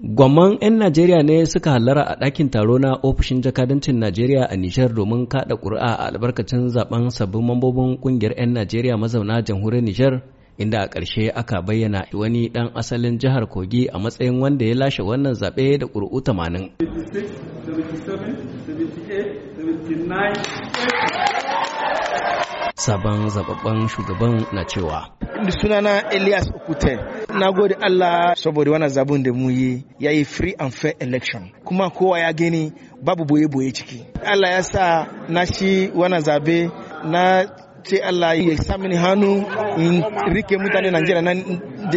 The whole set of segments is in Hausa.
Gwamman 'yan Najeriya ne suka hallara a ɗakin taro na ofishin jakadancin Najeriya a Nijar domin kaɗa ƙuri'a a albarkacin zaben sabbin mambobin ƙungiyar 'yan Najeriya mazauna jamhuriyar Nijar, inda a ƙarshe aka bayyana wani ɗan asalin jihar Kogi a matsayin wanda ya lashe wannan zaɓe da ƙuri'u 80. Sabon zababben shugaban na cewa. Sunana Elias Okuten, na gode Allah saboda wannan zabin da mu yi ya yi free and fair election kuma kowa ya gani babu boye-boye ciki Allah ya sa na shi wannan zabe na ce Allah ya sa mini hannu in rike mutane Najeriya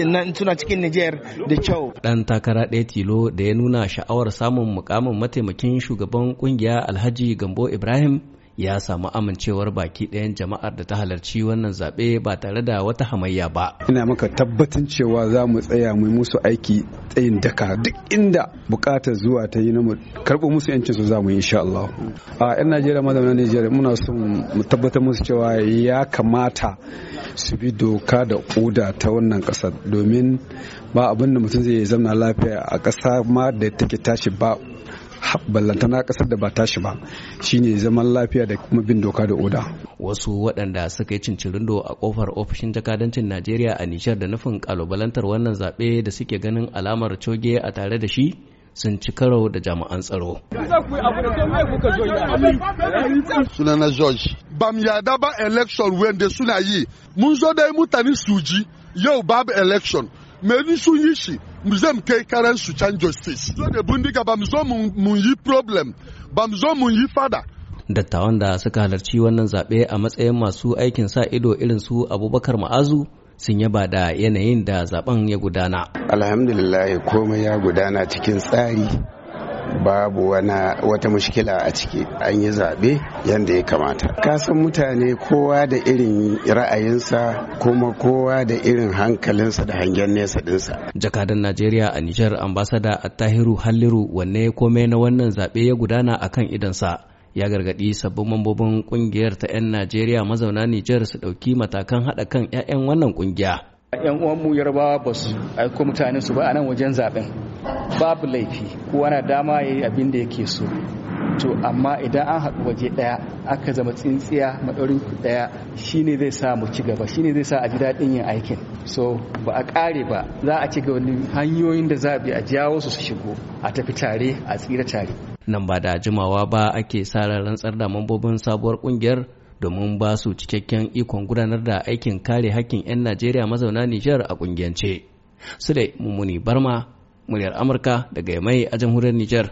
nan tuna cikin Niger da kyau. Dan takara ɗaya tilo da ya nuna sha'awar samun mukamin mataimakin shugaban kungiya Alhaji Gambo Ibrahim ya samu amincewar baki ɗayan jama'ar da ta halarci wannan zaɓe ba tare da wata hamayya ba. Ina maka tabbatin cewa za mu tsaya mu musu aiki tsayin daka duk inda buƙatar zuwa ta yi na mu karɓo musu yancin su za mu yi insha Allah. A 'yan Najeriya mazauna Najeriya muna son mu tabbatar musu cewa ya kamata su bi doka da oda ta wannan ƙasar domin ba abin da mutum zai zama lafiya a ƙasa ma da take tashi ba ballantana kasar da ba shi ba shine zaman lafiya da kuma bin doka da oda wasu waɗanda suka yi cincirindo a kofar ofishin jakadancin najeriya a nishar da nufin kalubalantar wannan zaɓe da suke ganin alamar coge a tare da shi sun ci karo da jami'an tsaro. Sunana George, bam yada ba election wanda suna yi, mun zo dai mutane suji yau babu election, me sun yi shi mu zan kai karar su can justice zo da bindiga ba mu zo mun yi problem ba mu mun yi fada dattawan da suka halarci wannan zaɓe a matsayin masu aikin sa ido irin su abubakar ma'azu sun yaba da yanayin da zaben ya gudana alhamdulillah komai ya gudana cikin tsari babu wana wata mushkila a ciki an yi zaɓe yadda ya kamata kasan mutane kowa da irin ra'ayinsa kuma kowa da irin hankalinsa da hangen nesa dinsa jakadan najeriya a nijar ambasada attahiru halliru wanne komai na wannan zaɓe ya gudana a kan idansa ya gargaɗi sabbin mambobin ƙungiyar ta 'yan najeriya mazauna nijar su ɗauki matakan haɗa kan 'ya'yan wannan ƙungiya yan uwanmu yarbawa ba su aiko mutanen su ba a nan wajen zaben babu laifi kowa na dama ya yi abin da yake so to amma idan an haɗu waje ɗaya aka zama tsintsiya maɗaurin ɗaya shine zai sa mu ci gaba shine zai sa a ji daɗin yin aikin so ba a ƙare ba za a ci gaba hanyoyin da za a a jawo su su shigo a tafi tare a tsira tare nan ba da jimawa ba ake sa rantsar da mambobin sabuwar kungiyar domin ba su cikakken ikon gudanar da aikin kare hakkin 'yan Najeriya mazauna Nijar a kungiyance. Sule Mummuni Barma, muryar Amurka daga mai a jamhuriyar Nijar.